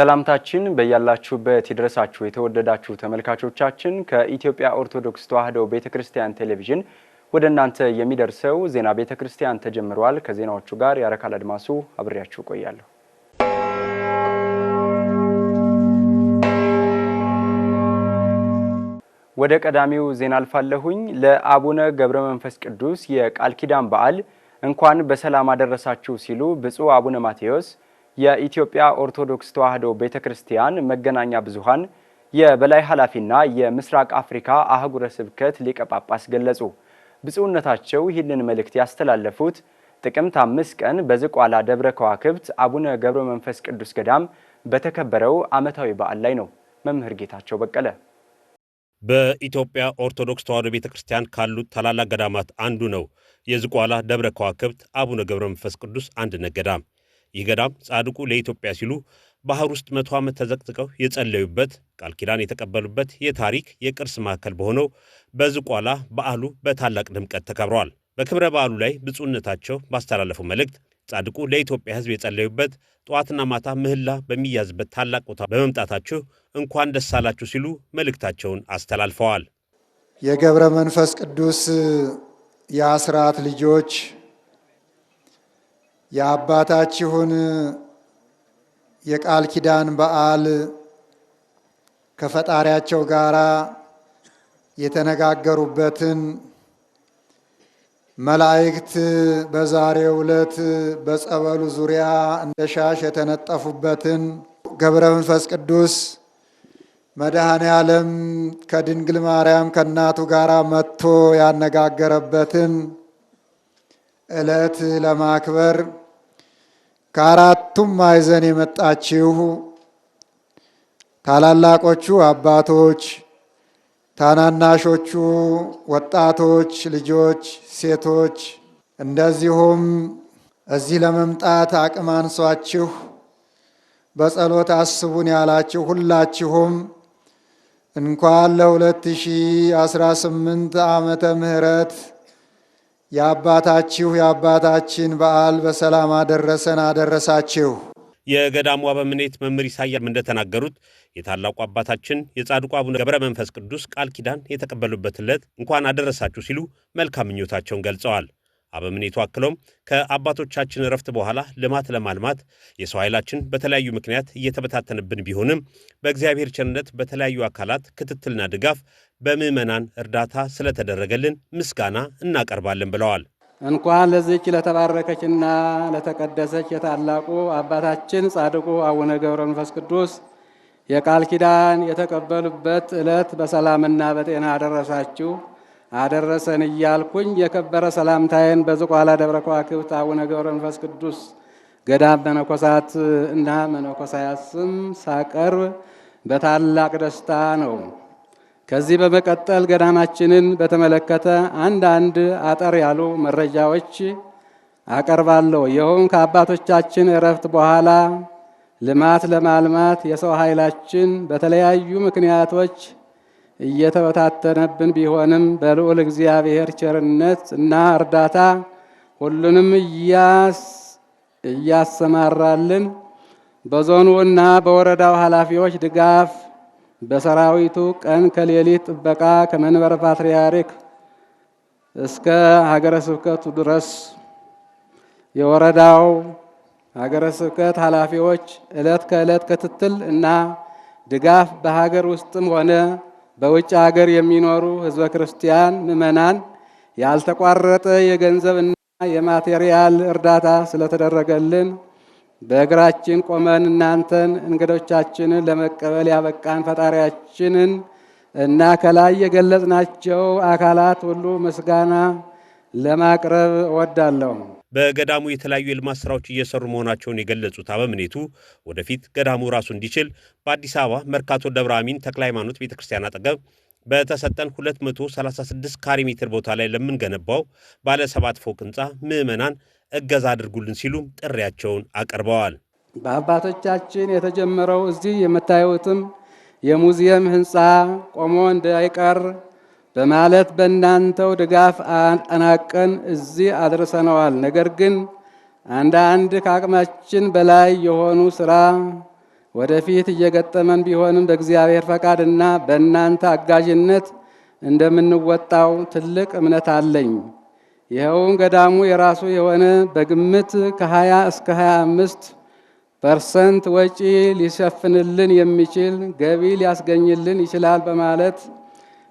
ሰላምታችን በያላችሁበት ይድረሳችሁ የተወደዳችሁ ተመልካቾቻችን። ከኢትዮጵያ ኦርቶዶክስ ተዋሕዶ ቤተ ክርስቲያን ቴሌቪዥን ወደ እናንተ የሚደርሰው ዜና ቤተ ክርስቲያን ተጀምሯል። ከዜናዎቹ ጋር ያረካል አድማሱ አብሬያችሁ ቆያለሁ። ወደ ቀዳሚው ዜና አልፋለሁኝ። ለአቡነ ገብረ መንፈስ ቅዱስ የቃል ኪዳን በዓል እንኳን በሰላም አደረሳችሁ ሲሉ ብፁዕ አቡነ ማቴዎስ የኢትዮጵያ ኦርቶዶክስ ተዋሕዶ ቤተ ክርስቲያን መገናኛ ብዙኃን የበላይ ኃላፊና የምስራቅ አፍሪካ አህጉረ ስብከት ሊቀ ጳጳስ ገለጹ። ብፁዕነታቸው ይህንን መልእክት ያስተላለፉት ጥቅምት አምስት ቀን በዝቋላ ደብረ ከዋክብት አቡነ ገብረ መንፈስ ቅዱስ ገዳም በተከበረው ዓመታዊ በዓል ላይ ነው። መምህር ጌታቸው በቀለ በኢትዮጵያ ኦርቶዶክስ ተዋሕዶ ቤተ ክርስቲያን ካሉት ታላላቅ ገዳማት አንዱ ነው የዝቋላ ደብረ ከዋክብት አቡነ ገብረ መንፈስ ቅዱስ አንድነት ገዳም። ይህ ገዳም ጻድቁ ለኢትዮጵያ ሲሉ ባህር ውስጥ መቶ ዓመት ተዘቅዝቀው የጸለዩበት ቃል ኪዳን የተቀበሉበት የታሪክ የቅርስ ማዕከል በሆነው በዝቋላ በዓሉ በታላቅ ድምቀት ተከብረዋል። በክብረ በዓሉ ላይ ብፁዕነታቸው ባስተላለፉ መልእክት ጻድቁ ለኢትዮጵያ ሕዝብ የጸለዩበት ጠዋትና ማታ ምህላ በሚያዝበት ታላቅ ቦታ በመምጣታችሁ እንኳን ደስ አላችሁ ሲሉ መልእክታቸውን አስተላልፈዋል። የገብረ መንፈስ ቅዱስ የአስራት ልጆች የአባታችሁን የቃል ኪዳን በዓል ከፈጣሪያቸው ጋር የተነጋገሩበትን መላእክት በዛሬው ዕለት በጸበሉ ዙሪያ እንደ ሻሽ የተነጠፉበትን ገብረ መንፈስ ቅዱስ መድኃኔ ዓለም ከድንግል ማርያም ከእናቱ ጋር መጥቶ ያነጋገረበትን ዕለት ለማክበር ከአራቱም ማዕዘን የመጣችሁ ታላላቆቹ አባቶች፣ ታናናሾቹ ወጣቶች፣ ልጆች፣ ሴቶች እንደዚሁም እዚህ ለመምጣት አቅም አንሷችሁ በጸሎት አስቡን ያላችሁ ሁላችሁም እንኳን ለ2018 ዓመተ ምህረት የአባታችሁ የአባታችን በዓል በሰላም አደረሰን አደረሳችሁ። የገዳሙ አበምኔት መምህር ኢሳያስ እንደተናገሩት የታላቁ አባታችን የጻድቁ አቡነ ገብረ መንፈስ ቅዱስ ቃል ኪዳን የተቀበሉበት ዕለት እንኳን አደረሳችሁ ሲሉ መልካም ምኞታቸውን ገልጸዋል። አበምኔቱ አክለውም ከአባቶቻችን እረፍት በኋላ ልማት ለማልማት የሰው ኃይላችን በተለያዩ ምክንያት እየተበታተንብን ቢሆንም በእግዚአብሔር ቸርነት በተለያዩ አካላት ክትትልና ድጋፍ በምዕመናን እርዳታ ስለተደረገልን ምስጋና እናቀርባለን ብለዋል። እንኳን ለዚች ለተባረከችና ለተቀደሰች የታላቁ አባታችን ጻድቁ አቡነ ገብረ መንፈስ ቅዱስ የቃል ኪዳን የተቀበሉበት ዕለት በሰላምና በጤና አደረሳችሁ አደረሰን እያልኩኝ የከበረ ሰላምታዬን በዝቋላ ደብረ ከዋክብት አቡነ ገብረ መንፈስ ቅዱስ ገዳም መነኮሳት እና መነኮሳያት ስም ሳቀርብ በታላቅ ደስታ ነው። ከዚህ በመቀጠል ገዳማችንን በተመለከተ አንዳንድ አጠር ያሉ መረጃዎች አቀርባለሁ። ይኸውም ከአባቶቻችን እረፍት በኋላ ልማት ለማልማት የሰው ኃይላችን በተለያዩ ምክንያቶች እየተበታተነብን ቢሆንም በልዑል እግዚአብሔር ቸርነት እና እርዳታ ሁሉንም እያሰማራልን በዞኑ እና በወረዳው ኃላፊዎች ድጋፍ በሰራዊቱ ቀን ከሌሊት ጥበቃ ከመንበረ ፓትርያርክ እስከ ሀገረ ስብከቱ ድረስ የወረዳው ሀገረ ስብከት ኃላፊዎች ዕለት ከዕለት ክትትል እና ድጋፍ በሀገር ውስጥም ሆነ በውጭ ሀገር የሚኖሩ ህዝበ ክርስቲያን ምዕመናን ያልተቋረጠ የገንዘብና የማቴሪያል እርዳታ ስለተደረገልን በእግራችን ቆመን እናንተን እንግዶቻችንን ለመቀበል ያበቃን ፈጣሪያችንን እና ከላይ የገለጽናቸው አካላት ሁሉ ምስጋና ለማቅረብ እወዳለሁ። በገዳሙ የተለያዩ የልማት ስራዎች እየሰሩ መሆናቸውን የገለጹት አበምኔቱ ወደፊት ገዳሙ ራሱ እንዲችል በአዲስ አበባ መርካቶ ደብረ አሚን ተክለ ሃይማኖት ቤተ ክርስቲያን አጠገብ በተሰጠን 236 ካሬ ሜትር ቦታ ላይ ለምንገነባው ባለ ሰባት ፎቅ ህንፃ ምዕመናን እገዛ አድርጉልን ሲሉም ጥሪያቸውን አቅርበዋል። በአባቶቻችን የተጀመረው እዚህ የምታዩትም የሙዚየም ህንፃ ቆሞ እንዳይቀር በማለት በእናንተው ድጋፍ አጠናቀን እዚህ አድርሰነዋል። ነገር ግን አንዳንድ ከአቅማችን በላይ የሆኑ ስራ ወደፊት እየገጠመን ቢሆንም በእግዚአብሔር ፈቃድ እና በእናንተ አጋዥነት እንደምንወጣው ትልቅ እምነት አለኝ። ይኸውም ገዳሙ የራሱ የሆነ በግምት ከ20 እስከ 25 ፐርሰንት ወጪ ሊሸፍንልን የሚችል ገቢ ሊያስገኝልን ይችላል በማለት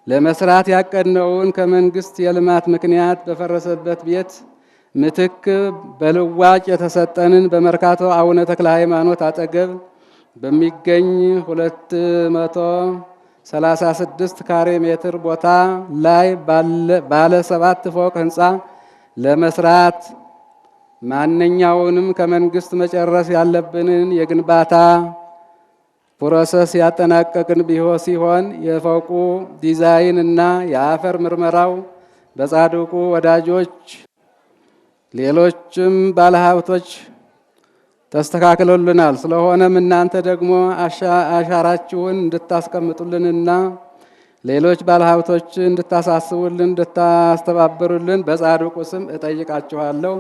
ለመስራት ያቀድነውን ከመንግስት የልማት ምክንያት በፈረሰበት ቤት ምትክ በልዋጭ የተሰጠንን በመርካቶ አቡነ ተክለ ሃይማኖት አጠገብ በሚገኝ 236 ካሬ ሜትር ቦታ ላይ ባለ ሰባት ፎቅ ህንፃ ለመስራት ማንኛውንም ከመንግስት መጨረስ ያለብንን የግንባታ ፕሮሰስ ያጠናቀቅን ቢሆ ሲሆን የፈቁ ዲዛይን እና የአፈር ምርመራው በጻድቁ ወዳጆች ሌሎችም ባለሀብቶች ተስተካክሎልናል። ስለሆነም እናንተ ደግሞ አሻራችሁን እንድታስቀምጡልንና ሌሎች ባለሀብቶች እንድታሳስቡልን፣ እንድታስተባብሩልን በጻድቁ ስም እጠይቃችኋለሁ።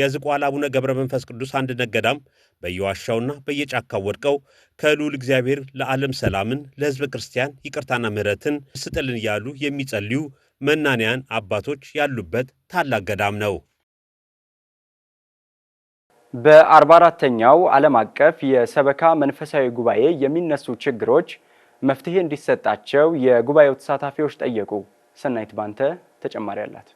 የዝቋላ አቡነ ገብረ መንፈስ ቅዱስ አንድነት ገዳም በየዋሻውና በየጫካው ወድቀው ከልዑል እግዚአብሔር ለዓለም ሰላምን ለሕዝበ ክርስቲያን ይቅርታና ምሕረትን ስጥልን እያሉ የሚጸልዩ መናንያን አባቶች ያሉበት ታላቅ ገዳም ነው። በአርባ አራተኛው ዓለም አቀፍ የሰበካ መንፈሳዊ ጉባኤ የሚነሱ ችግሮች መፍትሄ እንዲሰጣቸው የጉባኤው ተሳታፊዎች ጠየቁ። ሰናይት ባንተ ተጨማሪ አላት።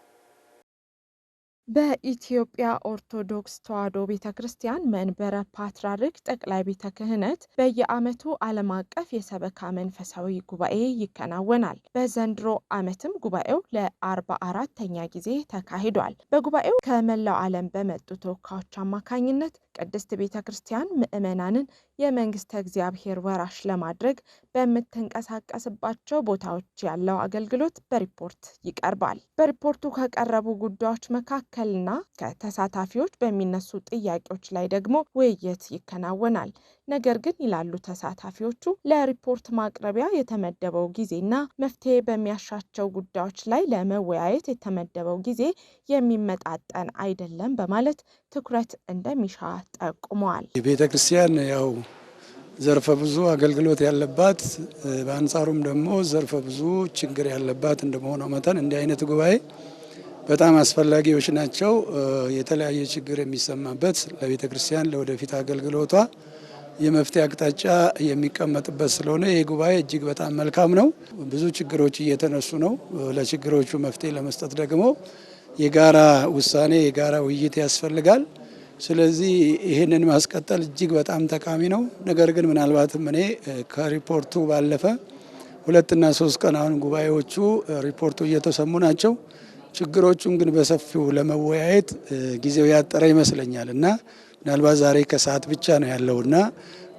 በኢትዮጵያ ኦርቶዶክስ ተዋሕዶ ቤተ ክርስቲያን መንበረ ፓትርያርክ ጠቅላይ ቤተ ክህነት በየዓመቱ ዓለም አቀፍ የሰበካ መንፈሳዊ ጉባኤ ይከናወናል። በዘንድሮ ዓመትም ጉባኤው ለአርባ አራተኛ ጊዜ ተካሂዷል። በጉባኤው ከመላው ዓለም በመጡ ተወካዮች አማካኝነት ቅድስት ቤተ ክርስቲያን ምዕመናንን የመንግስተ እግዚአብሔር ወራሽ ለማድረግ በምትንቀሳቀስባቸው ቦታዎች ያለው አገልግሎት በሪፖርት ይቀርባል። በሪፖርቱ ከቀረቡ ጉዳዮች መካከልና ከተሳታፊዎች በሚነሱ ጥያቄዎች ላይ ደግሞ ውይይት ይከናወናል። ነገር ግን ይላሉ ተሳታፊዎቹ ለሪፖርት ማቅረቢያ የተመደበው ጊዜና መፍትሄ በሚያሻቸው ጉዳዮች ላይ ለመወያየት የተመደበው ጊዜ የሚመጣጠን አይደለም በማለት ትኩረት እንደሚሻ ጠቁመዋል። ቤተ ክርስቲያን ያው ዘርፈ ብዙ አገልግሎት ያለባት በአንጻሩም ደግሞ ዘርፈ ብዙ ችግር ያለባት እንደመሆነው መጠን እንዲህ አይነት ጉባኤ በጣም አስፈላጊዎች ናቸው። የተለያየ ችግር የሚሰማበት ለቤተ ክርስቲያን ለወደፊት አገልግሎቷ የመፍትሄ አቅጣጫ የሚቀመጥበት ስለሆነ ይህ ጉባኤ እጅግ በጣም መልካም ነው። ብዙ ችግሮች እየተነሱ ነው። ለችግሮቹ መፍትሄ ለመስጠት ደግሞ የጋራ ውሳኔ የጋራ ውይይት ያስፈልጋል። ስለዚህ ይህንን ማስቀጠል እጅግ በጣም ጠቃሚ ነው። ነገር ግን ምናልባትም እኔ ከሪፖርቱ ባለፈ ሁለትና ሶስት ቀን አሁን ጉባኤዎቹ ሪፖርቱ እየተሰሙ ናቸው። ችግሮቹን ግን በሰፊው ለመወያየት ጊዜው ያጠረ ይመስለኛል እና ምናልባት ዛሬ ከሰዓት ብቻ ነው ያለው እና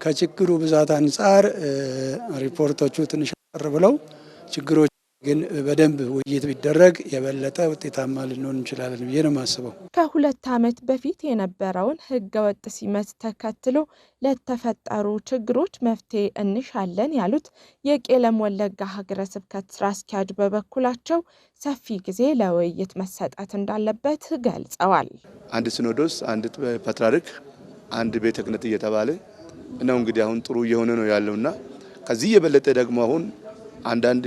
ከችግሩ ብዛት አንጻር ሪፖርቶቹ ትንሽ አጠር ብለው ችግሮች ግን በደንብ ውይይት ቢደረግ የበለጠ ውጤታማ ልንሆን እንችላለን ብዬ ነው የማስበው። ከሁለት ዓመት በፊት የነበረውን ህገ ወጥ ሲመት ተከትሎ ለተፈጠሩ ችግሮች መፍትሄ እንሻለን ያሉት የቄለም ወለጋ ሀገረ ስብከት ስራ አስኪያጅ በበኩላቸው ሰፊ ጊዜ ለውይይት መሰጠት እንዳለበት ገልጸዋል። አንድ ሲኖዶስ፣ አንድ ፓትርያርክ፣ አንድ ቤተ ክህነት እየተባለ ነው እንግዲህ አሁን ጥሩ እየሆነ ነው ያለውና ከዚህ የበለጠ ደግሞ አሁን አንዳንድ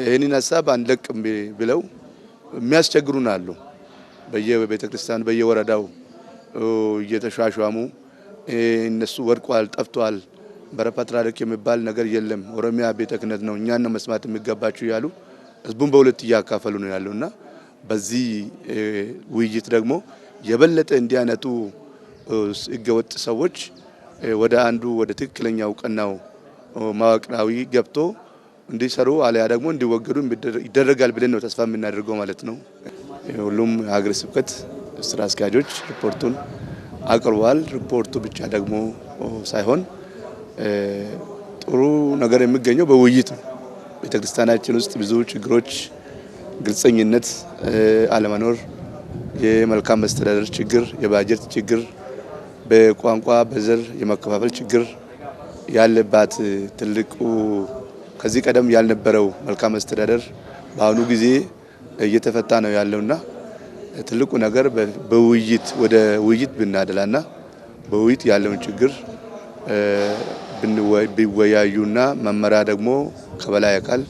ይህንን ሀሳብ አንለቅም ብለው የሚያስቸግሩን አሉ። በየቤተ ክርስቲያን በየወረዳው እየተሿሿሙ እነሱ ወድቋል፣ ጠፍቷል፣ በረፓትራሪክ የሚባል ነገር የለም፣ ኦሮሚያ ቤተ ክህነት ነው፣ እኛን ነው መስማት የሚገባችሁ እያሉ ህዝቡን በሁለት እያካፈሉ ነው ያለው እና በዚህ ውይይት ደግሞ የበለጠ እንዲህ አይነቱ ህገወጥ ሰዎች ወደ አንዱ ወደ ትክክለኛው ቀናው መዋቅራዊ ገብቶ እንዲሰሩ አለያ ደግሞ እንዲወገዱ ይደረጋል ብለን ነው ተስፋ የምናደርገው ማለት ነው። ሁሉም ሀገረ ስብከት ስራ አስኪያጆች ሪፖርቱን አቅርቧል። ሪፖርቱ ብቻ ደግሞ ሳይሆን ጥሩ ነገር የሚገኘው በውይይት ነው። ቤተክርስቲያናችን ውስጥ ብዙ ችግሮች፣ ግልጸኝነት አለመኖር፣ የመልካም መስተዳደር ችግር፣ የባጀት ችግር፣ በቋንቋ በዘር የመከፋፈል ችግር ያለባት ትልቁ ከዚህ ቀደም ያልነበረው መልካም አስተዳደር በአሁኑ ጊዜ እየተፈታ ነው ያለውና ትልቁ ነገር በውይይት ወደ ውይይት ብናደላና በውይይት ያለውን ችግር ቢወያዩና መመሪያ ደግሞ ከበላይ አካል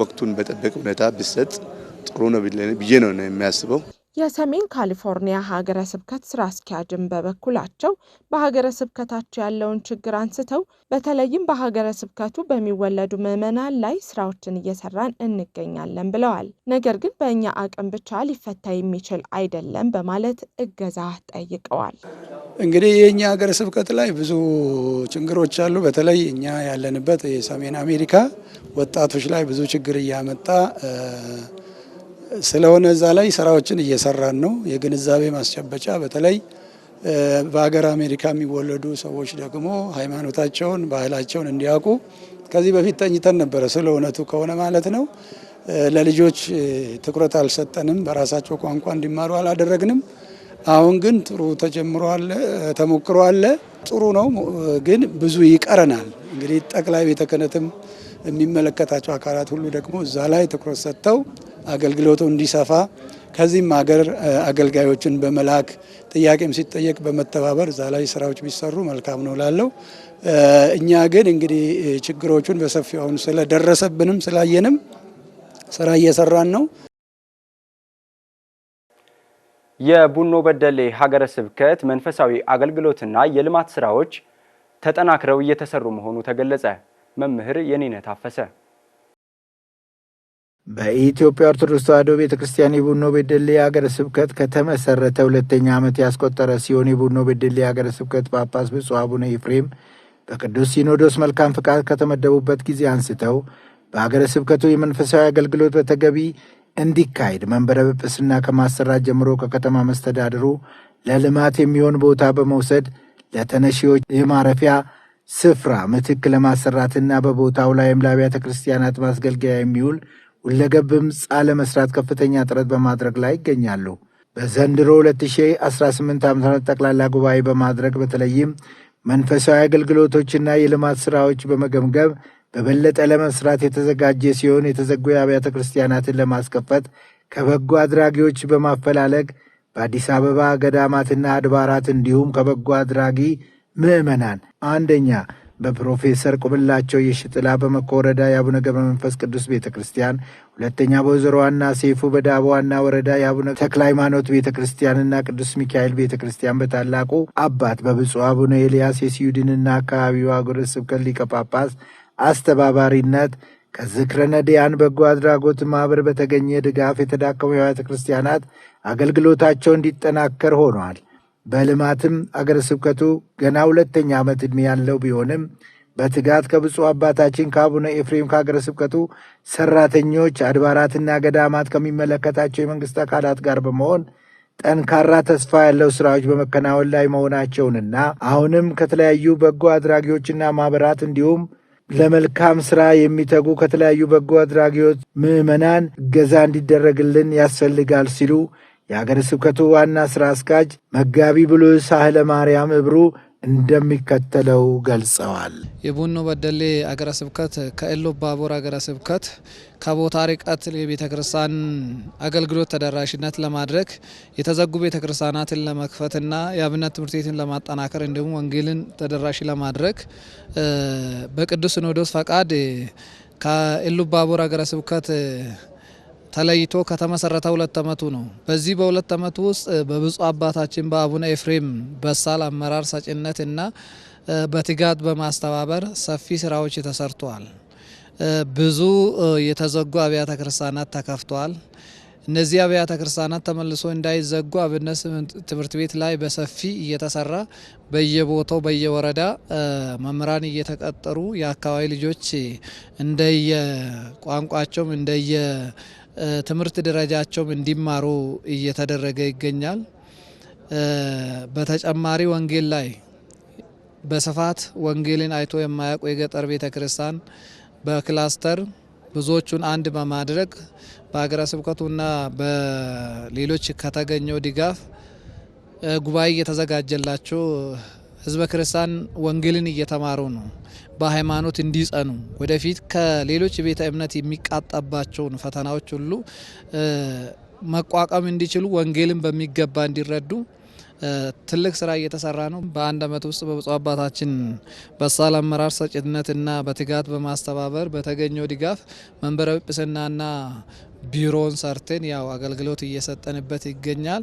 ወቅቱን በጠበቀ ሁኔታ ቢሰጥ ጥሩ ነው ብዬ ነው የሚያስበው። የሰሜን ካሊፎርኒያ ሀገረ ስብከት ስራ አስኪያጅን በበኩላቸው በሀገረ ስብከታቸው ያለውን ችግር አንስተው በተለይም በሀገረ ስብከቱ በሚወለዱ ምዕመናን ላይ ስራዎችን እየሰራን እንገኛለን ብለዋል። ነገር ግን በእኛ አቅም ብቻ ሊፈታ የሚችል አይደለም በማለት እገዛ ጠይቀዋል። እንግዲህ የእኛ ሀገረ ስብከት ላይ ብዙ ችግሮች አሉ። በተለይ እኛ ያለንበት የሰሜን አሜሪካ ወጣቶች ላይ ብዙ ችግር እያመጣ ስለሆነ እዛ ላይ ስራዎችን እየሰራን ነው። የግንዛቤ ማስጨበጫ በተለይ በሀገር አሜሪካ የሚወለዱ ሰዎች ደግሞ ሃይማኖታቸውን፣ ባህላቸውን እንዲያውቁ ከዚህ በፊት ተኝተን ነበረ፣ ስለ እውነቱ ከሆነ ማለት ነው። ለልጆች ትኩረት አልሰጠንም፣ በራሳቸው ቋንቋ እንዲማሩ አላደረግንም። አሁን ግን ጥሩ ተጀምሮ አለ ተሞክሮ አለ፣ ጥሩ ነው፣ ግን ብዙ ይቀረናል። እንግዲህ ጠቅላይ ቤተ ክህነትም የሚመለከታቸው አካላት ሁሉ ደግሞ እዛ ላይ ትኩረት ሰጥተው አገልግሎቱ እንዲሰፋ ከዚህም ሀገር አገልጋዮችን በመላክ ጥያቄም ሲጠየቅ በመተባበር እዛ ላይ ስራዎች ቢሰሩ መልካም ነው ላለው። እኛ ግን እንግዲህ ችግሮቹን በሰፊው አሁን ስለደረሰብንም ስላየንም ስራ እየሰራን ነው። የቡኖ በደሌ ሀገረ ስብከት መንፈሳዊ አገልግሎትና የልማት ስራዎች ተጠናክረው እየተሰሩ መሆኑ ተገለጸ። መምህር የኔነ ታፈሰ በኢትዮጵያ ኦርቶዶክስ ተዋሕዶ ቤተ ክርስቲያን የቡኖ ቤደሌ ሀገረ ስብከት ከተመሰረተ ሁለተኛ ዓመት ያስቆጠረ ሲሆን የቡኖ ቤደሌ ሀገረ ስብከት ጳጳስ ብፁዕ አቡነ ኤፍሬም በቅዱስ ሲኖዶስ መልካም ፍቃድ ከተመደቡበት ጊዜ አንስተው በሀገረ ስብከቱ የመንፈሳዊ አገልግሎት በተገቢ እንዲካሄድ መንበረ ጵጵስና ከማሰራት ጀምሮ ከከተማ መስተዳድሩ ለልማት የሚሆን ቦታ በመውሰድ ለተነሺዎች የማረፊያ ስፍራ ምትክ ለማሰራትና በቦታው ላይም ለአብያተ ክርስቲያናት ማስገልገያ የሚውል ሁለገብም ሕንፃ ለመስራት ከፍተኛ ጥረት በማድረግ ላይ ይገኛሉ። በዘንድሮ 2018 ም ጠቅላላ ጉባኤ በማድረግ በተለይም መንፈሳዊ አገልግሎቶችና የልማት ሥራዎች በመገምገም በበለጠ ለመስራት የተዘጋጀ ሲሆን የተዘጉ የአብያተ ክርስቲያናትን ለማስከፈት ከበጎ አድራጊዎች በማፈላለግ በአዲስ አበባ ገዳማትና አድባራት እንዲሁም ከበጎ አድራጊ ምዕመናን አንደኛ በፕሮፌሰር ቁምላቸው የሽጥላ በመኮ ወረዳ የአቡነ ገብረ መንፈስ ቅዱስ ቤተ ክርስቲያን፣ ሁለተኛ በወይዘሮ ዋና ሴይፉ በዳቦ ዋና ወረዳ የአቡነ ተክለ ሃይማኖት ቤተ ክርስቲያንና ቅዱስ ሚካኤል ቤተ ክርስቲያን በታላቁ አባት በብፁዕ አቡነ ኤልያስ የስዩድንና አካባቢው አገረ ስብከት ሊቀ ጳጳስ አስተባባሪነት ከዝክረ ነዳያን በጎ አድራጎት ማኅበር በተገኘ ድጋፍ የተዳከሙ አብያተ ክርስቲያናት አገልግሎታቸው እንዲጠናከር ሆኗል። በልማትም አገረ ስብከቱ ገና ሁለተኛ ዓመት ዕድሜ ያለው ቢሆንም በትጋት ከብፁዕ አባታችን ከአቡነ ኤፍሬም ከአገረ ስብከቱ ሰራተኞች፣ አድባራትና ገዳማት ከሚመለከታቸው የመንግሥት አካላት ጋር በመሆን ጠንካራ ተስፋ ያለው ስራዎች በመከናወን ላይ መሆናቸውንና አሁንም ከተለያዩ በጎ አድራጊዎችና ማኅበራት እንዲሁም ለመልካም ሥራ የሚተጉ ከተለያዩ በጎ አድራጊዎች ምዕመናን እገዛ እንዲደረግልን ያስፈልጋል ሲሉ የአገረ ስብከቱ ዋና ሥራ አስኪያጅ መጋቢ ብሉዕ ሳህለ ማርያም እብሩ እንደሚከተለው ገልጸዋል። የቡኖ በደሌ አገረ ስብከት ከኤሎ ባቦር አገረ ስብከት ከቦታ ርቀት የቤተ ክርስቲያን አገልግሎት ተደራሽነት ለማድረግ የተዘጉ ቤተ ክርስቲያናትን ለመክፈትና የአብነት ትምህርት ቤትን ለማጠናከር እንዲሁም ወንጌልን ተደራሽ ለማድረግ በቅዱስ ሲኖዶስ ፈቃድ ከኤሎ ባቦር አገረ ስብከት ተለይቶ ከተመሰረተ ሁለት ዓመቱ ነው። በዚህ በሁለት ዓመቱ ውስጥ በብፁዕ አባታችን በአቡነ ኤፍሬም በሳል አመራር ሰጭነት እና በትጋት በማስተባበር ሰፊ ስራዎች ተሰርተዋል። ብዙ የተዘጉ አብያተ ክርስቲያናት ተከፍተዋል። እነዚህ አብያተ ክርስቲያናት ተመልሶ እንዳይዘጉ አብነት ትምህርት ቤት ላይ በሰፊ እየተሰራ በየቦታው በየወረዳ መምህራን እየተቀጠሩ የአካባቢ ልጆች እንደየቋንቋቸውም እንደየ ትምህርት ደረጃቸውም እንዲማሩ እየተደረገ ይገኛል። በተጨማሪ ወንጌል ላይ በስፋት ወንጌልን አይቶ የማያውቁ የገጠር ቤተ ክርስቲያን በክላስተር ብዙዎቹን አንድ በማድረግ በሀገረ ስብከቱና በሌሎች ከተገኘው ድጋፍ ጉባኤ እየተዘጋጀላቸው ህዝበ ክርስቲያን ወንጌልን እየተማሩ ነው። በሃይማኖት እንዲጸኑ ወደፊት ከሌሎች ቤተ እምነት የሚቃጣባቸውን ፈተናዎች ሁሉ መቋቋም እንዲችሉ ወንጌልን በሚገባ እንዲረዱ ትልቅ ስራ እየተሰራ ነው። በአንድ አመት ውስጥ በብፁዕ አባታችን በሳል አመራር ሰጭነትና በትጋት በማስተባበር በተገኘው ድጋፍ መንበረ ጵጵስናና ቢሮውን ሰርተን ያው አገልግሎት እየሰጠንበት ይገኛል።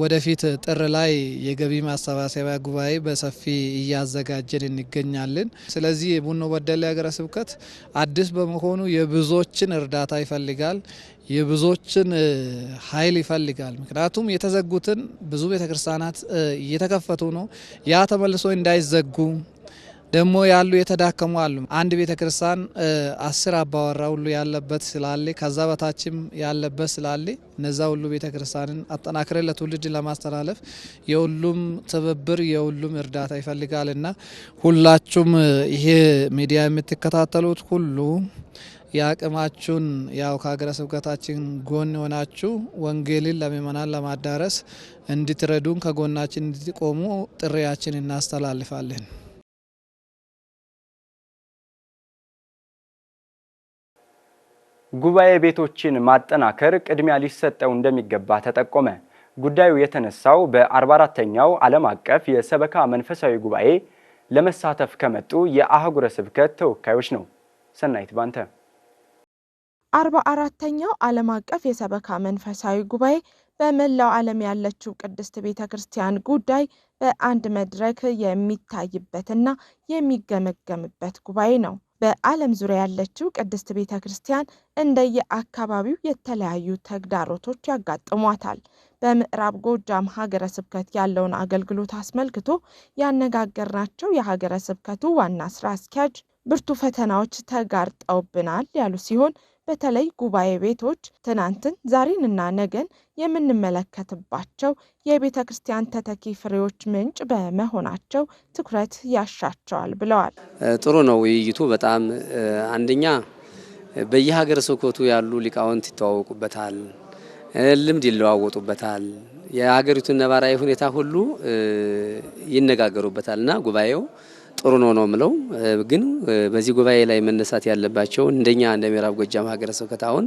ወደፊት ጥር ላይ የገቢ ማሰባሰቢያ ጉባኤ በሰፊ እያዘጋጀን እንገኛለን። ስለዚህ የቡኖ በደሌ ሀገረ ስብከት አዲስ በመሆኑ የብዙዎችን እርዳታ ይፈልጋል፣ የብዙዎችን ኃይል ይፈልጋል። ምክንያቱም የተዘጉትን ብዙ ቤተክርስቲያናት እየተከፈቱ ነው። ያ ተመልሶ እንዳይዘጉ ደግሞ ያሉ የተዳከሙ አሉ። አንድ ቤተ ክርስቲያን አስር አባወራ ሁሉ ያለበት ስላለ ከዛ በታችም ያለበት ስላለ እነዛ ሁሉ ቤተ ክርስቲያንን አጠናክረ ለትውልድ ለማስተላለፍ የሁሉም ትብብር የሁሉም እርዳታ ይፈልጋል እና ሁላችሁም ይሄ ሚዲያ የምትከታተሉት ሁሉ የአቅማችሁን ያው ከሀገረ ስብከታችን ጎን የሆናችሁ ወንጌልን ለምእመናን ለማዳረስ እንድትረዱን ከጎናችን እንድትቆሙ ጥሪያችን እናስተላልፋለን። ጉባኤ ቤቶችን ማጠናከር ቅድሚያ ሊሰጠው እንደሚገባ ተጠቆመ። ጉዳዩ የተነሳው በ44ተኛው ዓለም አቀፍ የሰበካ መንፈሳዊ ጉባኤ ለመሳተፍ ከመጡ የአህጉረ ስብከት ተወካዮች ነው። ሰናይት ባንተ። አርባ አራተኛው ዓለም አቀፍ የሰበካ መንፈሳዊ ጉባኤ በመላው ዓለም ያለችው ቅድስት ቤተ ክርስቲያን ጉዳይ በአንድ መድረክ የሚታይበትና የሚገመገምበት ጉባኤ ነው። በዓለም ዙሪያ ያለችው ቅድስት ቤተ ክርስቲያን እንደየአካባቢው የተለያዩ ተግዳሮቶች ያጋጥሟታል። በምዕራብ ጎጃም ሀገረ ስብከት ያለውን አገልግሎት አስመልክቶ ያነጋገርናቸው የሀገረ ስብከቱ ዋና ስራ አስኪያጅ ብርቱ ፈተናዎች ተጋርጠውብናል ያሉ ሲሆን በተለይ ጉባኤ ቤቶች ትናንትን ዛሬንና ነገን የምንመለከትባቸው የቤተ ክርስቲያን ተተኪ ፍሬዎች ምንጭ በመሆናቸው ትኩረት ያሻቸዋል ብለዋል። ጥሩ ነው ውይይቱ በጣም አንደኛ በየሀገረ ስብከቱ ያሉ ሊቃውንት ይተዋወቁበታል፣ ልምድ ይለዋወጡበታል፣ የሀገሪቱን ነባራዊ ሁኔታ ሁሉ ይነጋገሩበታል እና ጉባኤው ጥሩ ነው ነው የምለው። ግን በዚህ ጉባኤ ላይ መነሳት ያለባቸው እንደኛ እንደ ምዕራብ ጎጃም ሀገረ ስብከት አሁን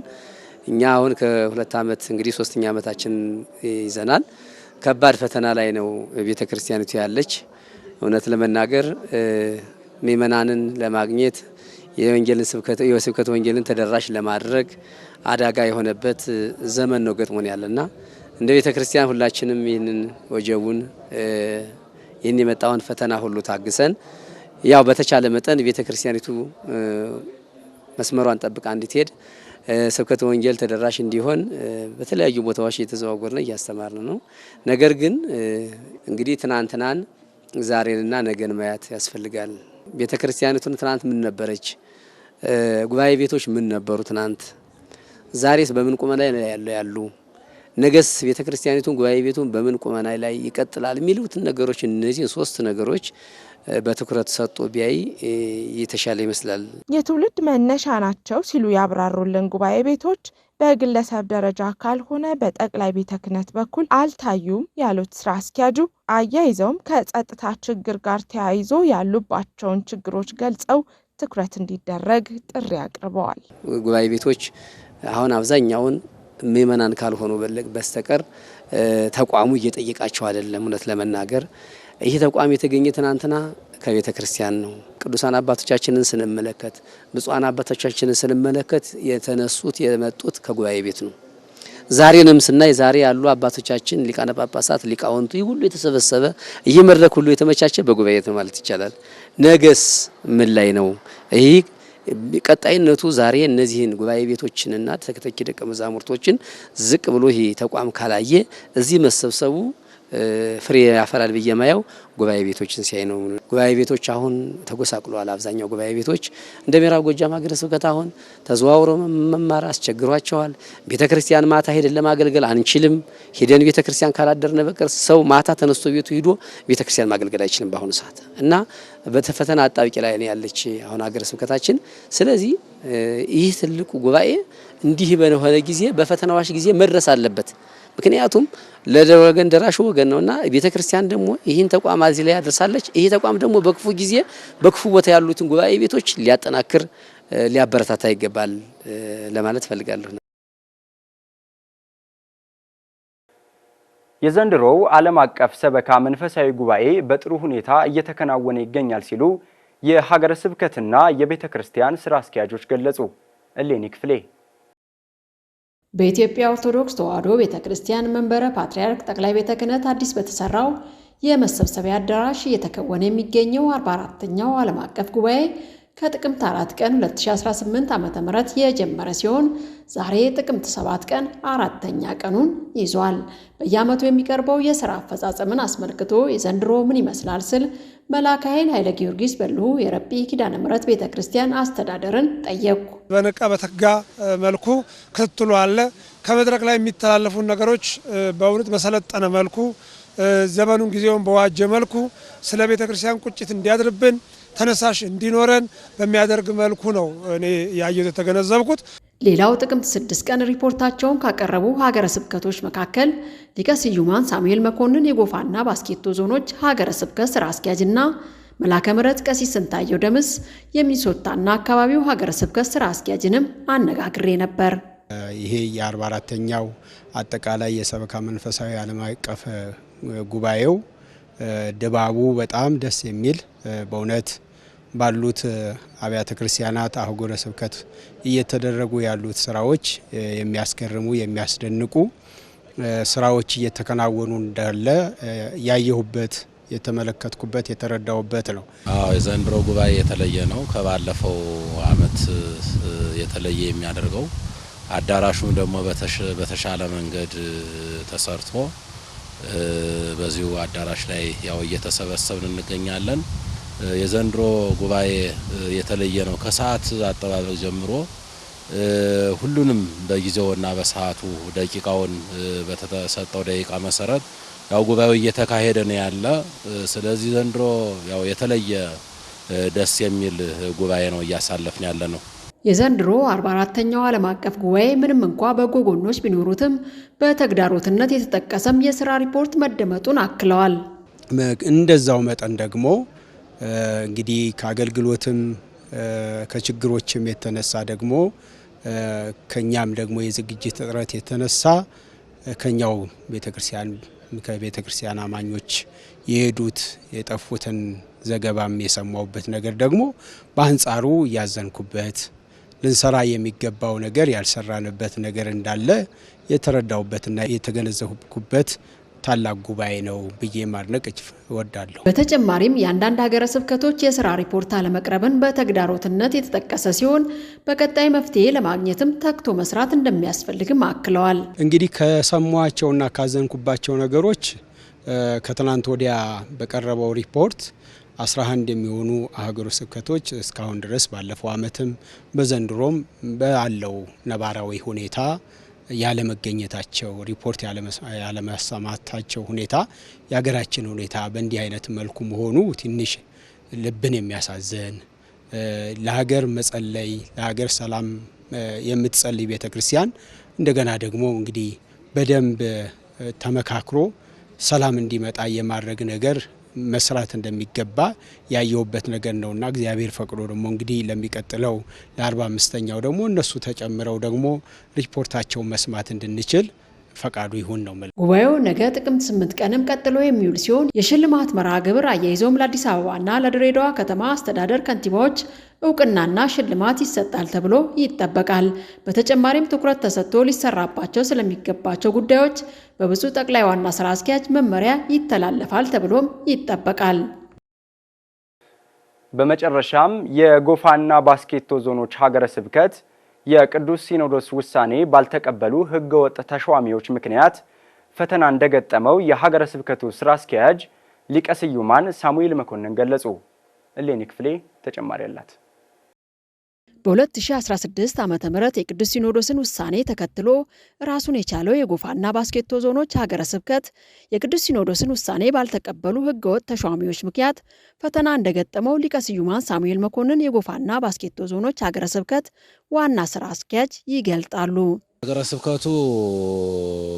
እኛ አሁን ከሁለት ዓመት እንግዲህ ሶስተኛ ዓመታችን ይዘናል። ከባድ ፈተና ላይ ነው ቤተ ክርስቲያኒቱ ያለች። እውነት ለመናገር ምእመናንን ለማግኘት የወንጌልን ስብከት የስብከት ወንጌልን ተደራሽ ለማድረግ አዳጋ የሆነበት ዘመን ነው ገጥሞን ያለና እንደ ቤተ ክርስቲያን ሁላችንም ይህንን ወጀቡን ይህን የመጣውን ፈተና ሁሉ ታግሰን ያው በተቻለ መጠን ቤተ ክርስቲያኒቱ መስመሯን ጠብቃ እንድትሄድ ስብከተ ወንጌል ተደራሽ እንዲሆን በተለያዩ ቦታዎች እየተዘዋወርን እያስተማርን ነው። ነገር ግን እንግዲህ ትናንትናን ዛሬንና ነገን ማየት ያስፈልጋል። ቤተ ክርስቲያኒቱን ትናንት ምን ነበረች? ጉባኤ ቤቶች ምን ነበሩ? ትናንት ዛሬስ በምን ቁመና ላይ ያሉ ነገስ ቤተ ክርስቲያኒቱን ጉባኤ ቤቱን በምን ቁመና ላይ ይቀጥላል? የሚሉትን ነገሮች እነዚህን ሶስት ነገሮች በትኩረት ሰጥቶ ቢያይ የተሻለ ይመስላል። የትውልድ መነሻ ናቸው ሲሉ ያብራሩልን ጉባኤ ቤቶች በግለሰብ ደረጃ ካልሆነ በጠቅላይ ቤተ ክህነት በኩል አልታዩም ያሉት ስራ አስኪያጁ አያይዘውም ከጸጥታ ችግር ጋር ተያይዞ ያሉባቸውን ችግሮች ገልጸው ትኩረት እንዲደረግ ጥሪ አቅርበዋል። ጉባኤ ቤቶች አሁን አብዛኛውን ምእመናን ካልሆኑ በስተቀር ተቋሙ እየጠየቃቸው አይደለም እውነት ለመናገር ይህ ተቋም የተገኘ ትናንትና ከቤተ ክርስቲያን ነው። ቅዱሳን አባቶቻችንን ስንመለከት፣ ብፁዓን አባቶቻችንን ስንመለከት የተነሱት የመጡት ከጉባኤ ቤት ነው። ዛሬንም ስናይ ዛሬ ያሉ አባቶቻችን ሊቃነ ጳጳሳት፣ ሊቃውንቱ ይህ ሁሉ የተሰበሰበ ይህ መድረክ ሁሉ የተመቻቸ በጉባኤ ቤት ነው ማለት ይቻላል። ነገስ ምን ላይ ነው? ይህ ቀጣይነቱ ዛሬ እነዚህን ጉባኤ ቤቶችንና ተተኪ ደቀ መዛሙርቶችን ዝቅ ብሎ ይህ ተቋም ካላየ እዚህ መሰብሰቡ ፍሬ ያፈራል ብዬ ማየው ጉባኤ ቤቶችን ሲያይ ነው። ጉባኤ ቤቶች አሁን ተጎሳቅሏል። አብዛኛው ጉባኤ ቤቶች እንደ ምዕራብ ጎጃም ሀገረ ስብከት አሁን ተዘዋውሮ መማር አስቸግሯቸዋል። ቤተ ክርስቲያን ማታ ሄደን ለማገልገል አንችልም። ሄደን ቤተ ክርስቲያን ካላደርነ በቀር ሰው ማታ ተነስቶ ቤቱ ሂዶ ቤተ ክርስቲያን ማገልገል አይችልም በአሁኑ ሰዓት እና በተፈተና አጣብቂ ላይ ነው ያለች አሁን ሀገረ ስብከታችን። ስለዚህ ይህ ትልቁ ጉባኤ እንዲህ በሆነ ጊዜ በፈተናዎች ጊዜ መድረስ አለበት። ምክንያቱም ለወገን ደራሽ ወገን ነውና ቤተ ክርስቲያን ደግሞ ይህን ተቋም እዚህ ላይ ያደርሳለች። ይህ ተቋም ደግሞ በክፉ ጊዜ በክፉ ቦታ ያሉትን ጉባኤ ቤቶች ሊያጠናክር ሊያበረታታ ይገባል ለማለት ፈልጋለሁ። የዘንድሮው ዓለም አቀፍ ሰበካ መንፈሳዊ ጉባኤ በጥሩ ሁኔታ እየተከናወነ ይገኛል ሲሉ የሀገረ ስብከትና የቤተ ክርስቲያን ስራ አስኪያጆች ገለጹ። እሌኒ ክፍሌ በኢትዮጵያ ኦርቶዶክስ ተዋሕዶ ቤተ ክርስቲያን መንበረ ፓትርያርክ ጠቅላይ ቤተ ክህነት አዲስ በተሰራው የመሰብሰቢያ አዳራሽ እየተከወነ የሚገኘው 44 ተኛው ዓለም አቀፍ ጉባኤ ከጥቅምት 4 ቀን 2018 ዓ ም የጀመረ ሲሆን ዛሬ ጥቅምት 7 ቀን አራተኛ ቀኑን ይዟል። በየዓመቱ የሚቀርበው የሥራ አፈጻጸምን አስመልክቶ የዘንድሮ ምን ይመስላል ስል መላካይን ኃይለ ጊዮርጊስ በልሁ የረጲ ኪዳነ ምረት ቤተ ክርስቲያን አስተዳደርን ጠየቁ። በነቃ በተጋ መልኩ ክትትሉ አለ። ከመድረክ ላይ የሚተላለፉ ነገሮች በእውነት በሰለጠነ መልኩ ዘመኑን ጊዜውን በዋጀ መልኩ ስለ ቤተ ክርስቲያን ቁጭት እንዲያድርብን ተነሳሽ እንዲኖረን በሚያደርግ መልኩ ነው እኔ ያየሁት የተገነዘብኩት። ሌላው ጥቅምት ስድስት ቀን ሪፖርታቸውን ካቀረቡ ሀገረ ስብከቶች መካከል ሊቀ ስዩማን ሳሙኤል መኮንን የጎፋና ባስኬቶ ዞኖች ሀገረ ስብከት ስራ አስኪያጅና መላከ ምረት ቀሲስ ስንታየው ደምስ የሚሶታና አካባቢው ሀገረ ስብከት ስራ አስኪያጅንም አነጋግሬ ነበር። ይሄ የአርባ አራተኛው አጠቃላይ የሰበካ መንፈሳዊ ዓለም አቀፍ ጉባኤው ድባቡ በጣም ደስ የሚል በእውነት ባሉት አብያተ ክርስቲያናት አህጉረ ስብከት እየተደረጉ ያሉት ስራዎች የሚያስገርሙ የሚያስደንቁ ስራዎች እየተከናወኑ እንዳለ ያየሁበት የተመለከትኩበት የተረዳሁበት ነው። አዎ የዘንድሮ ጉባኤ የተለየ ነው። ከባለፈው አመት የተለየ የሚያደርገው አዳራሹም ደግሞ በተሻለ መንገድ ተሰርቶ በዚሁ አዳራሽ ላይ ያው እየተሰበሰብን እንገኛለን። የዘንድሮ ጉባኤ የተለየ ነው። ከሰዓት አጠባበቅ ጀምሮ ሁሉንም በጊዜውና በሰዓቱ ደቂቃውን በተሰጠው ደቂቃ መሰረት ያው ጉባኤው እየተካሄደ ነው ያለ። ስለዚህ ዘንድሮ ያው የተለየ ደስ የሚል ጉባኤ ነው እያሳለፍን ያለ ነው። የዘንድሮ 44ተኛው ዓለም አቀፍ ጉባኤ ምንም እንኳ በጎ ጎኖች ቢኖሩትም በተግዳሮትነት የተጠቀሰም የስራ ሪፖርት መደመጡን አክለዋል። እንደዛው መጠን ደግሞ እንግዲህ ከአገልግሎትም ከችግሮችም የተነሳ ደግሞ ከኛም ደግሞ የዝግጅት እጥረት የተነሳ ከኛው ቤተክርስቲያን ከቤተክርስቲያን አማኞች የሄዱት የጠፉትን ዘገባም የሰማውበት ነገር ደግሞ በአንጻሩ እያዘንኩበት ልንሰራ የሚገባው ነገር ያልሰራንበት ነገር እንዳለ የተረዳውበትና የተገነዘብኩበት ታላቅ ጉባኤ ነው ብዬ ማድነቅ እወዳለሁ። በተጨማሪም የአንዳንድ ሀገረ ስብከቶች የስራ ሪፖርት አለመቅረብን በተግዳሮትነት የተጠቀሰ ሲሆን በቀጣይ መፍትሄ ለማግኘትም ተግቶ መስራት እንደሚያስፈልግም አክለዋል። እንግዲህ ከሰሟቸውና ካዘንኩባቸው ነገሮች ከትናንት ወዲያ በቀረበው ሪፖርት 11 የሚሆኑ አህጉረ ስብከቶች እስካሁን ድረስ ባለፈው ዓመትም በዘንድሮም ባለው ነባራዊ ሁኔታ ያለመገኘታቸው ሪፖርት ያለመሰማታቸው ሁኔታ የሀገራችን ሁኔታ በእንዲህ አይነት መልኩ መሆኑ ትንሽ ልብን የሚያሳዝን ለሀገር መጸለይ ለሀገር ሰላም የምትጸልይ ቤተ ክርስቲያን እንደገና ደግሞ እንግዲህ በደንብ ተመካክሮ ሰላም እንዲመጣ የማድረግ ነገር መስራት እንደሚገባ ያየውበት ነገር እና እግዚአብሔር ፈቅዶ ደግሞ እንግዲህ ለሚቀጥለው ለአርባ አምስተኛው ደግሞ እነሱ ተጨምረው ደግሞ ሪፖርታቸውን መስማት እንድንችል ፈቃዱ ይሁን ነው። ጉባኤው ነገ ጥቅምት ስምንት ቀንም ቀጥሎ የሚውል ሲሆን የሽልማት መርሃ ግብር አያይዞም ለአዲስ አበባና ለድሬዳዋ ከተማ አስተዳደር ከንቲባዎች እውቅናና ሽልማት ይሰጣል ተብሎ ይጠበቃል። በተጨማሪም ትኩረት ተሰጥቶ ሊሰራባቸው ስለሚገባቸው ጉዳዮች በብፁዕ ጠቅላይ ዋና ስራ አስኪያጅ መመሪያ ይተላለፋል ተብሎም ይጠበቃል። በመጨረሻም የጎፋና ባስኬቶ ዞኖች ሀገረ ስብከት የቅዱስ ሲኖዶስ ውሳኔ ባልተቀበሉ ህገወጥ ተሿሚዎች ምክንያት ፈተና እንደገጠመው የሀገረ ስብከቱ ስራ አስኪያጅ ሊቀ ስዩማን ሳሙኤል መኮንን ገለጹ። እሌኒ ክፍሌ ተጨማሪ አላት። በ2016 ዓ ም የቅዱስ ሲኖዶስን ውሳኔ ተከትሎ ራሱን የቻለው የጎፋና ባስኬቶ ዞኖች ሀገረ ስብከት የቅዱስ ሲኖዶስን ውሳኔ ባልተቀበሉ ህገወጥ ተሿሚዎች ምክንያት ፈተና እንደገጠመው ሊቀ ስዩማን ሳሙኤል መኮንን የጎፋና ባስኬቶ ዞኖች ሀገረ ስብከት ዋና ስራ አስኪያጅ ይገልጣሉ። ሀገረ ስብከቱ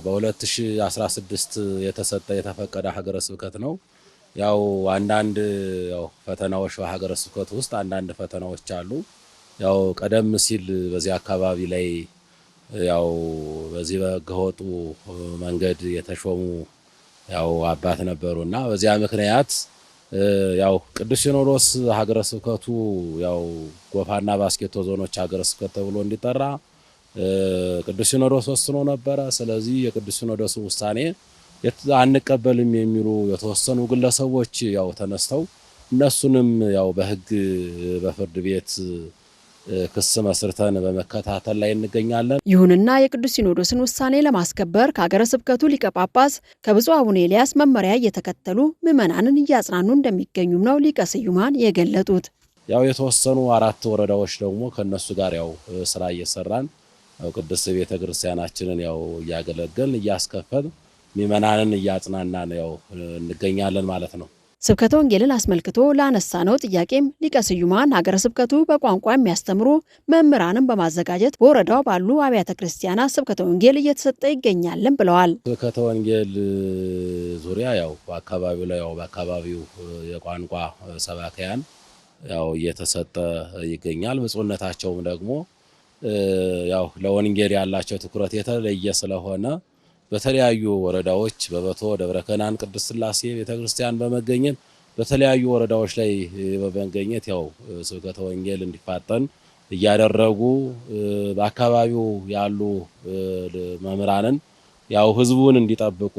በ2016 የተሰጠ የተፈቀደ ሀገረ ስብከት ነው። ያው አንዳንድ ፈተናዎች በሀገረ ስብከቱ ውስጥ አንዳንድ ፈተናዎች አሉ። ያው ቀደም ሲል በዚህ አካባቢ ላይ ያው በዚህ በህገወጡ መንገድ የተሾሙ ያው አባት ነበሩ እና በዚያ ምክንያት ያው ቅዱስ ሲኖዶስ ሀገረ ስብከቱ ያው ጎፋና ባስኬቶ ዞኖች ሀገረ ስብከት ተብሎ እንዲጠራ ቅዱስ ሲኖዶስ ወስኖ ነበረ። ስለዚህ የቅዱስ ሲኖዶስ ውሳኔ አንቀበልም የሚሉ የተወሰኑ ግለሰቦች ያው ተነስተው እነሱንም ያው በህግ በፍርድ ቤት ክስ መስርተን በመከታተል ላይ እንገኛለን። ይሁንና የቅዱስ ሲኖዶስን ውሳኔ ለማስከበር ከሀገረ ስብከቱ ሊቀ ጳጳስ ከብፁዕ አቡነ ኤልያስ መመሪያ እየተከተሉ ምዕመናንን እያጽናኑ እንደሚገኙም ነው ሊቀ ስዩማን የገለጡት። ያው የተወሰኑ አራት ወረዳዎች ደግሞ ከነሱ ጋር ያው ስራ እየሰራን ያው ቅዱስ ቤተ ክርስቲያናችንን ያው እያገለገልን እያስከፈል ምዕመናንን እያጽናናን ያው እንገኛለን ማለት ነው። ስብከተ ወንጌልን አስመልክቶ ላነሳ ነው ጥያቄም ሊቀ ስዩማን ሀገረ ስብከቱ በቋንቋ የሚያስተምሩ መምህራንን በማዘጋጀት በወረዳው ባሉ አብያተ ክርስቲያናት ስብከተ ወንጌል እየተሰጠ ይገኛልን ብለዋል። ስብከተ ወንጌል ዙሪያ ያው በአካባቢው ላይ ያው በአካባቢው የቋንቋ ሰባኪያን ያው እየተሰጠ ይገኛል። ብፁዕነታቸውም ደግሞ ያው ለወንጌል ያላቸው ትኩረት የተለየ ስለሆነ በተለያዩ ወረዳዎች በበቶ ደብረ ከናን ቅድስት ስላሴ ቤተክርስቲያን በመገኘት በተለያዩ ወረዳዎች ላይ በመገኘት ያው ስብከተ ወንጌል እንዲፋጠን እያደረጉ በአካባቢው ያሉ መምህራንን ያው ህዝቡን እንዲጠብቁ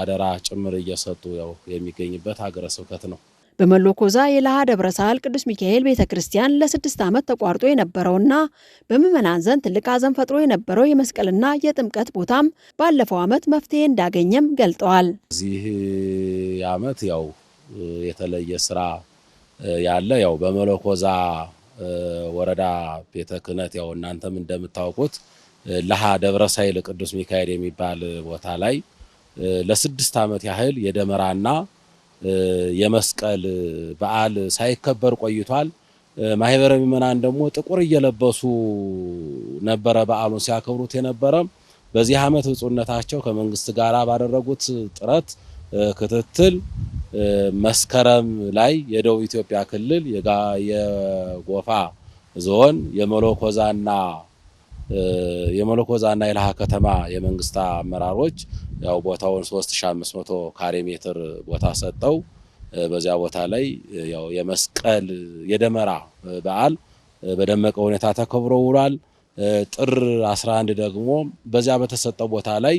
አደራ ጭምር እየሰጡ ያው የሚገኝበት ሀገረ ስብከት ነው። በመሎኮዛ የለሃ ደብረ ሳህል ቅዱስ ሚካኤል ቤተ ክርስቲያን ለስድስት ዓመት ተቋርጦ የነበረውና በምዕመናን ዘንድ ትልቅ ሐዘን ፈጥሮ የነበረው የመስቀልና የጥምቀት ቦታም ባለፈው ዓመት መፍትሄ እንዳገኘም ገልጠዋል። እዚህ ዓመት ያው የተለየ ስራ ያለ ያው በመሎኮዛ ወረዳ ቤተ ክህነት ያው እናንተም እንደምታውቁት ለሃ ደብረ ሳህል ቅዱስ ሚካኤል የሚባል ቦታ ላይ ለስድስት ዓመት ያህል የደመራና የመስቀል በዓል ሳይከበር ቆይቷል። ማህበረ ምዕመናን ደግሞ ጥቁር እየለበሱ ነበረ በዓሉን ሲያከብሩት የነበረ። በዚህ ዓመት ብፁዕነታቸው ከመንግስት ጋር ባደረጉት ጥረት ክትትል መስከረም ላይ የደቡብ ኢትዮጵያ ክልል የጎፋ ዞን የመሎኮዛና የመለኮዛና የልሃ ከተማ የመንግስት አመራሮች ያው ቦታውን 3500 ካሬ ሜትር ቦታ ሰጠው። በዚያ ቦታ ላይ ያው የመስቀል የደመራ በዓል በደመቀ ሁኔታ ተከብሮ ውሏል። ጥር 11 ደግሞ በዚያ በተሰጠው ቦታ ላይ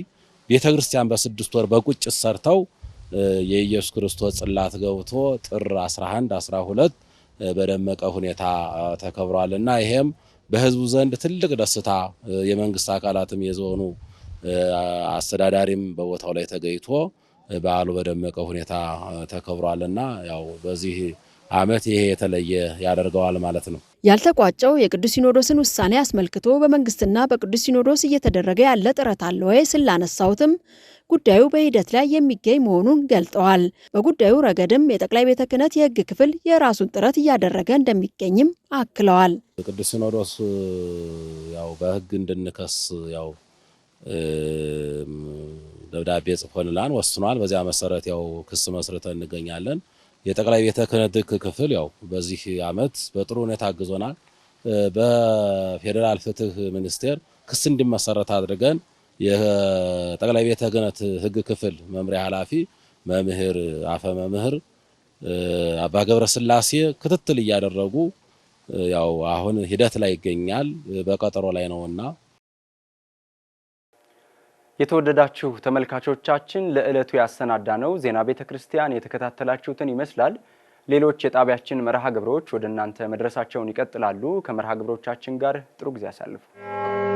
ቤተ ክርስቲያን በስድስት ወር በቁጭት ሰርተው የኢየሱስ ክርስቶስ ጽላት ገብቶ ጥር 11 12 በደመቀ ሁኔታ ተከብሯልና ይሄም በህዝቡ ዘንድ ትልቅ ደስታ የመንግስት አካላትም የዞኑ አስተዳዳሪም በቦታው ላይ ተገኝቶ በዓሉ በደመቀ ሁኔታ ተከብሯልና ያው በዚህ ዓመት ይሄ የተለየ ያደርገዋል ማለት ነው። ያልተቋጨው የቅዱስ ሲኖዶስን ውሳኔ አስመልክቶ በመንግስትና በቅዱስ ሲኖዶስ እየተደረገ ያለ ጥረት አለ ወይ ስላነሳውትም ጉዳዩ በሂደት ላይ የሚገኝ መሆኑን ገልጠዋል። በጉዳዩ ረገድም የጠቅላይ ቤተ ክህነት የህግ ክፍል የራሱን ጥረት እያደረገ እንደሚገኝም አክለዋል። ቅዱስ ሲኖዶስ ያው በህግ እንድንከስ ያው ደብዳቤ ጽፎንላን ወስኗል። በዚያ መሰረት ያው ክስ መስርተን እንገኛለን። የጠቅላይ ቤተ ክህነት ክፍል ያው በዚህ ዓመት በጥሩ ሁኔታ አግዞናል። በፌዴራል ፍትህ ሚኒስቴር ክስ እንዲመሰረት አድርገን የጠቅላይ ቤተ ክህነት ህግ ክፍል መምሪያ ኃላፊ መምህር አፈ መምህር አባ ገብረ ስላሴ ክትትል እያደረጉ ያው አሁን ሂደት ላይ ይገኛል። በቀጠሮ ላይ ነውና የተወደዳችሁ ተመልካቾቻችን ለዕለቱ ነው ዜና ቤተ ክርስቲያን የተከታተላችሁትን ይመስላል። ሌሎች የጣቢያችን መርሃ ግብሮች ወደ እናንተ መድረሳቸውን ይቀጥላሉ። ከመርሃ ግብሮቻችን ጋር ጥሩ ጊዜ ያሳልፉ።